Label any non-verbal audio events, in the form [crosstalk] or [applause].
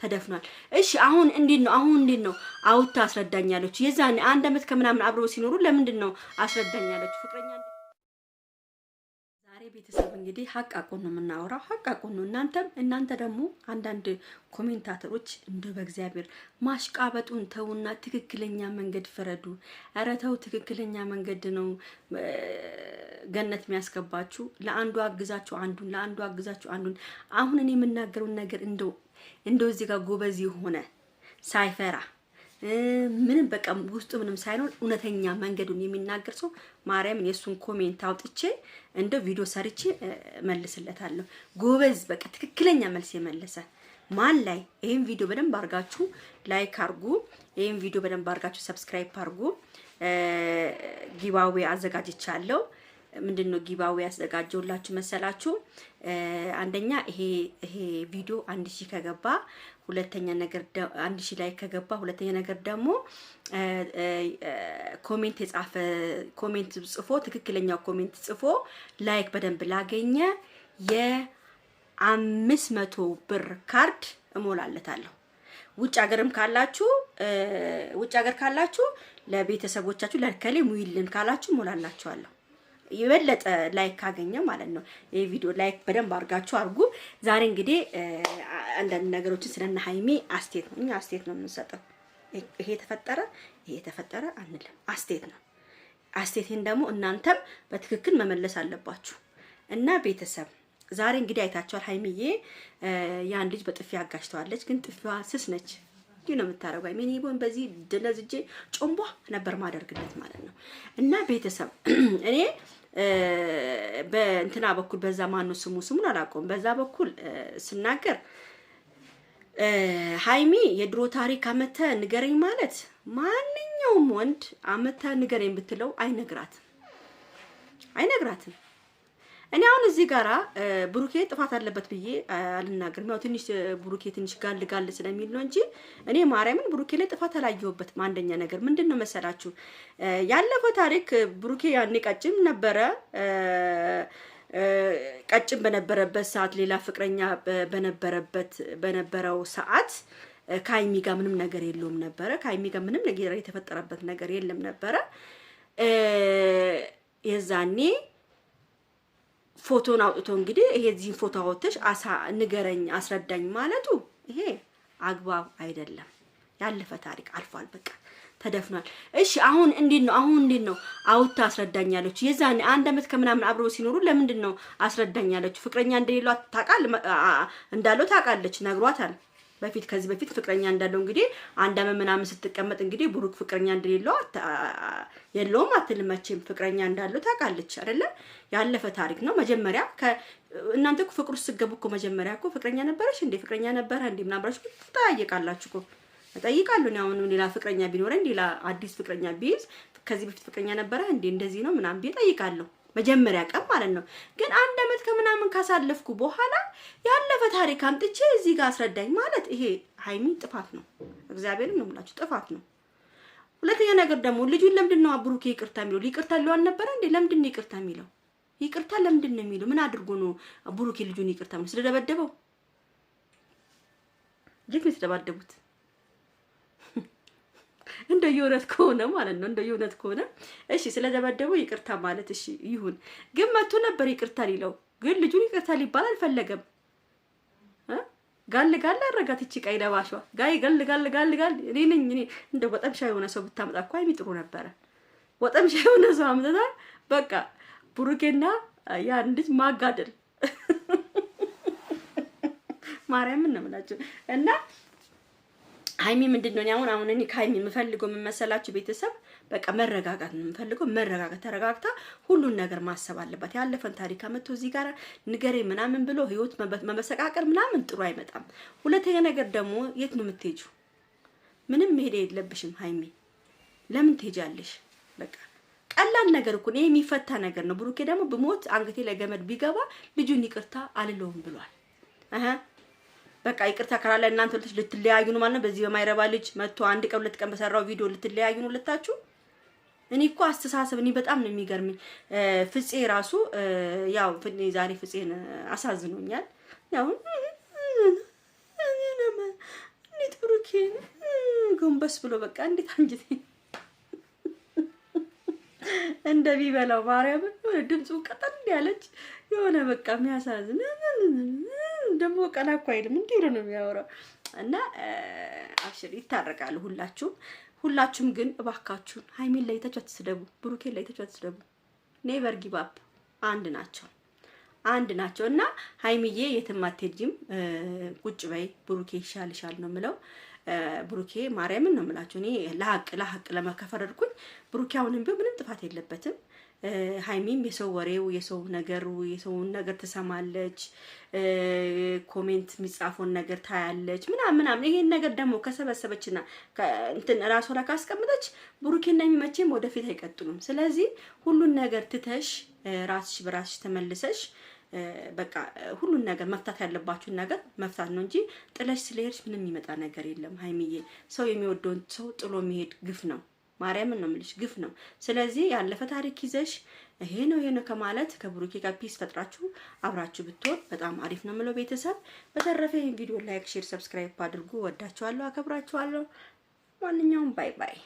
ተደፍኗል። እሺ አሁን እንዴት ነው? አሁን እንዴት ነው አውታ አስረዳኛለች። የዛኔ አንድ አመት ከምናምን አብረው ሲኖሩ ለምንድን ነው አስረዳኛለች ፍቅረኛ ዛሬ ቤተሰብ እንግዲህ ሀቃቁን ነው የምናወራው፣ ሀቃቁን ነው። እናንተም እናንተ ደግሞ አንዳንድ ኮሜንታተሮች እንደ በእግዚአብሔር ማሽቃበጡን ተውና ትክክለኛ መንገድ ፍረዱ። ኧረ ተው፣ ትክክለኛ መንገድ ነው ገነት የሚያስገባችሁ። ለአንዱ አግዛችሁ አንዱን፣ ለአንዱ አግዛችሁ አንዱን። አሁን እኔ የምናገረውን ነገር እንደው እንደው እዚህ ጋር ጎበዝ የሆነ ሳይፈራ ምንም በቃ ውስጡ ምንም ሳይኖር እውነተኛ መንገዱን የሚናገር ሰው ማርያምን የእሱን ኮሜንት አውጥቼ እንደው ቪዲዮ ሰርቼ መልስለታለሁ። ጎበዝ በቃ ትክክለኛ መልስ የመለሰ ማን ላይ ይህን ቪዲዮ በደንብ አድርጋችሁ ላይክ አድርጉ። ይህም ቪዲዮ በደንብ አርጋችሁ ሰብስክራይብ አድርጉ። ጊባዌ አዘጋጅቻለሁ። ምንድን ነው ጊባዊ ያዘጋጀውላችሁ መሰላችሁ? አንደኛ ይሄ ቪዲዮ አንድ ሺህ ከገባ ሁለተኛ ነገር አንድ ሺህ ላይ ከገባ ሁለተኛ ነገር ደግሞ ኮሜንት የጻፈ ኮሜንት ጽፎ ትክክለኛው ኮሜንት ጽፎ ላይክ በደንብ ላገኘ የአምስት መቶ ብር ካርድ እሞላለታለሁ። ውጭ ሀገርም ካላችሁ ውጭ ሀገር ካላችሁ ለቤተሰቦቻችሁ ለከሌ ሙይልን ካላችሁ እሞላላችኋለሁ። የበለጠ ላይክ ካገኘ ማለት ነው። ይህ ቪዲዮ ላይክ በደንብ አድርጋችሁ አድርጉ። ዛሬ እንግዲህ አንዳንድ ነገሮችን ስለነ ሀይሚ አስቴት ነው እኛ አስቴት ነው የምንሰጠው። ይሄ ተፈጠረ ይሄ ተፈጠረ አንልም፣ አስቴት ነው። አስቴትን ደግሞ እናንተም በትክክል መመለስ አለባችሁ እና ቤተሰብ ዛሬ እንግዲህ አይታችኋል። ሀይሚዬ ያን ልጅ በጥፊ አጋጭተዋለች፣ ግን ጥፊዋ ስስ ነች። ነው የምታደርገው። አይሜን ይቦን በዚህ ድነዝጄ ጮምቧ ነበር ማደርግለት ማለት ነው። እና ቤተሰብ [clears throat] እኔ በእንትና በኩል በዛ ማን ነው ስሙ ስሙን አላውቀውም። በዛ በኩል ስናገር ሀይሚ የድሮ ታሪክ አመተ ንገረኝ ማለት ማንኛውም ወንድ አመተ ንገረኝ ብትለው አይነግራትም አይነግራትም እኔ አሁን እዚህ ጋራ ብሩኬ ጥፋት አለበት ብዬ አልናገርም። ያው ትንሽ ብሩኬ ትንሽ ጋል ጋል ስለሚል ነው እንጂ እኔ ማርያምን ብሩኬ ላይ ጥፋት አላየሁበትም። አንደኛ ነገር ምንድን ነው መሰላችሁ ያለፈው ታሪክ ብሩኬ ያኔ ቀጭም ነበረ ቀጭም በነበረበት ሰዓት ሌላ ፍቅረኛ በነበረበት በነበረው ሰዓት ከአይሚ ጋር ምንም ነገር የለውም ነበረ። ከአይሚ ጋር ምንም ነገር የተፈጠረበት ነገር የለም ነበረ የዛኔ ፎቶን አውጥቶ እንግዲህ ይሄ እዚህን ፎቶ አወጥተሽ አሳ ንገረኝ አስረዳኝ ማለቱ ይሄ አግባብ አይደለም። ያለፈ ታሪክ አልፏል፣ በቃ ተደፍኗል። እሺ አሁን እንዴት ነው? አሁን እንዴት ነው አውጥታ አስረዳኛለች። ያለች? የዛኔ አንድ አመት ከምናምን አብረው ሲኖሩ ለምንድን ነው አስረዳኛለች? ፍቅረኛ እንደሌለው ታውቃል፣ እንዳለው ታውቃለች፣ ነግሯታል። በፊት ከዚህ በፊት ፍቅረኛ እንዳለው እንግዲህ አንድ አመት ምናምን ስትቀመጥ እንግዲህ ብሩክ ፍቅረኛ እንደሌለው የለውም አትልመችም። ፍቅረኛ እንዳለው ታውቃለች አይደለ? ያለፈ ታሪክ ነው። መጀመሪያ እናንተ እኮ ፍቅሩ ውስጥ ስትገቡ እኮ መጀመሪያ እኮ ፍቅረኛ ነበረች እንዴ ፍቅረኛ ነበረ እንዴ ምናምን ብላችሁ ትጠያየቃላችሁ እኮ እጠይቃለሁ እኔ አሁን ሌላ ፍቅረኛ ቢኖረኝ ሌላ አዲስ ፍቅረኛ ቢይዝ ከዚህ በፊት ፍቅረኛ ነበረ እንዴ እንደዚህ ነው ምናምን ብዬ እጠይቃለሁ። መጀመሪያ ቀን ማለት ነው። ግን አንድ አመት ከምናምን ካሳለፍኩ በኋላ ያለፈ ታሪክ አምጥቼ እዚህ ጋር አስረዳኝ ማለት ይሄ ሀይሚ ጥፋት ነው። እግዚአብሔርን ነው የምላችሁ ጥፋት ነው። ሁለተኛ ነገር ደግሞ ልጁን ለምንድን ነው አብሩኬ ይቅርታ የሚለው? ሊቅርታ ሊለው አልነበረ እንዴ? ለምንድን ነው ይቅርታ የሚለው? ይቅርታ ለምንድን ነው የሚለው? ምን አድርጎ ነው ብሩኬ ልጁን ይቅርታ የሚለው? ስለደበደበው ልክ ነው የተደባደቡት። እንደየእውነት ከሆነ ማለት ነው እንደየእውነት ከሆነ እሺ፣ ስለደበደቡ ይቅርታ ማለት እሺ ይሁን። ግን መጥቶ ነበር ይቅርታ ሊለው፣ ግን ልጁን ይቅርታ ሊባል አልፈለገም። ጋል ጋል አረጋት። እቺ ቀይ ለባሿ ጋይ ጋል ጋል ጋል ጋል። እኔ ነኝ እኔ እንደ ወጠምሻ የሆነ ሰው ብታመጣ እኮ አይሚ ነበረ። ወጠምሻ የሆነ ሰው አምጥታ በቃ ቡሩኬና ያን ልጅ ማጋደል [laughs] ማርያምን ነው የምላቸው እና ሀይሚ ምንድን ነው አሁን አሁን እኔ ከሀይሚ የምፈልገው የምመሰላችሁ ቤተሰብ በቃ መረጋጋት ነው የምፈልገው። መረጋጋት ተረጋግታ ሁሉን ነገር ማሰብ አለባት። ያለፈን ታሪክ አመጥቶ እዚህ ጋር ንገሬ ምናምን ብሎ ህይወት መመሰቃቀል ምናምን ጥሩ አይመጣም። ሁለተኛ ነገር ደግሞ የት ነው የምትሄጁ? ምንም መሄድ የለብሽም ሀይሚ። ለምን ትሄጃለሽ? በቃ ቀላል ነገር እኮ ይሄ የሚፈታ ነገር ነው። ብሩኬ ደግሞ ብሞት አንገቴ ለገመድ ቢገባ ልጁን ይቅርታ አልለውም ብሏል። በቃ ይቅርታ ካላለ እናንተ ሁለቶች ልትለያዩ ነው ማለት ነው። በዚህ በማይረባ ልጅ መጥቶ አንድ ቀን ሁለት ቀን በሰራው ቪዲዮ ልትለያዩ ነው ሁለታችሁ። እኔ እኮ አስተሳሰብ እኔ በጣም ነው የሚገርምኝ። ፍፄ ራሱ ያው ዛሬ ፍፄን አሳዝኖኛል። ያው እንዴት ብሩኬን ጎንበስ ብሎ በቃ እንዴት እንደ እንደሚበላው ማርያምን ድምፁ ቀጠል እንዲያለች የሆነ በቃ የሚያሳዝን ደግሞ ቀና እኮ አይልም እንዲህ ነው የሚያወራው። እና አብሽር ይታረቃሉ ሁላችሁም። ሁላችሁም ግን እባካችሁን ሀይሚን ለይታችሁ አትስደቡ፣ ብሩኬን ለይታችሁ አትስደቡ። ኔቨር ጊቭ አፕ። አንድ ናቸው አንድ ናቸው እና ሀይሚዬ የትም አትሄጂም፣ ቁጭ በይ ብሩኬ ይሻልሻል ነው የምለው። ብሩኬ ማርያምን ነው የምላችሁ። እኔ ለሀቅ ለሀቅ ለመከፈረድኩኝ ብሩኬ አሁንም ቢሆን ምንም ጥፋት የለበትም። ሀይሚም የሰው ወሬው የሰው ነገሩ የሰውን ነገር ትሰማለች፣ ኮሜንት የሚጻፈውን ነገር ታያለች፣ ምናምን ምናምን። ይሄን ነገር ደግሞ ከሰበሰበችና እንትን ራሷ ላይ ካስቀምጠች ብሩኬና የሚመቼም ወደፊት አይቀጥሉም። ስለዚህ ሁሉን ነገር ትተሽ ራስሽ በራስሽ ተመልሰሽ በቃ ሁሉን ነገር መፍታት ያለባችሁን ነገር መፍታት ነው እንጂ ጥለሽ ስለሄድሽ ምንም የሚመጣ ነገር የለም ሀይሚዬ። ሰው የሚወደውን ሰው ጥሎ መሄድ ግፍ ነው። ማርያምን ነው የምልሽ፣ ግፍ ነው። ስለዚህ ያለፈ ታሪክ ይዘሽ ይሄ ነው ይሄ ነው ከማለት ከብሩኬ ጋር ፒስ ፈጥራችሁ አብራችሁ ብትሆን በጣም አሪፍ ነው የምለው ቤተሰብ። በተረፈ ይህን ቪዲዮ ላይክ፣ ሼር፣ ሰብስክራይብ አድርጉ። ወዳችኋለሁ፣ አከብራችኋለሁ። ማንኛውም ባይ ባይ።